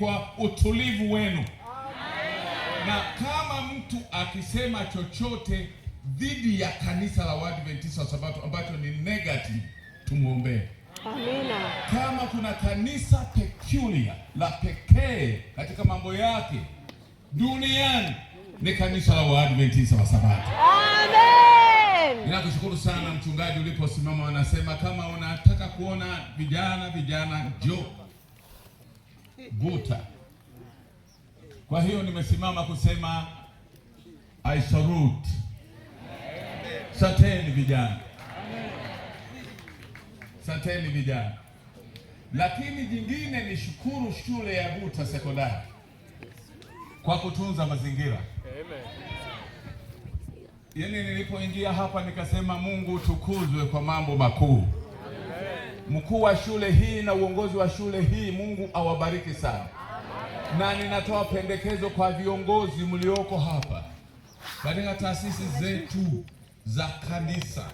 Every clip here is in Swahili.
kwa utulivu wenu. Na kama mtu akisema chochote dhidi ya kanisa la Waadventista wa Sabato ambacho ni negative, tumwombee. Amina. Kama kuna kanisa peculiar la pekee katika mambo yake duniani ni kanisa la Waadventista wa Sabato. Amen. Ninakushukuru sana mchungaji, uliposimama wanasema kama unataka kuona vijana vijana, njoo Guta. Kwa hiyo nimesimama kusema I salute. Sateni vijana, sateni vijana. Lakini jingine ni shukuru shule ya Guta Sekondari kwa kutunza mazingira. Yaani nilipoingia hapa nikasema Mungu tukuzwe kwa mambo makuu mkuu wa shule hii na uongozi wa shule hii, Mungu awabariki sana. Na ninatoa pendekezo kwa viongozi mlioko hapa katika taasisi zetu za kanisa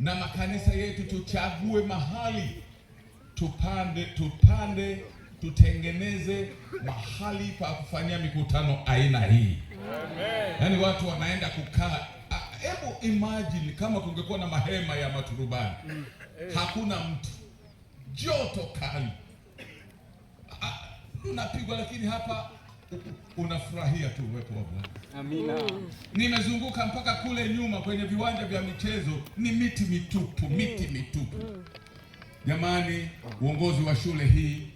na makanisa yetu, tuchague mahali tupande, tupande tutengeneze mahali pa kufanyia mikutano aina hii, yaani watu wanaenda kukaa imagine kama kungekuwa na mahema ya maturubani mm. Hakuna mtu, joto kali, unapigwa lakini hapa unafurahia tu uwepo wa Bwana. Amina. Mm. Nimezunguka mpaka kule nyuma kwenye viwanja vya michezo, ni miti mitupu, miti mm. mitupu. Jamani, uongozi wa shule hii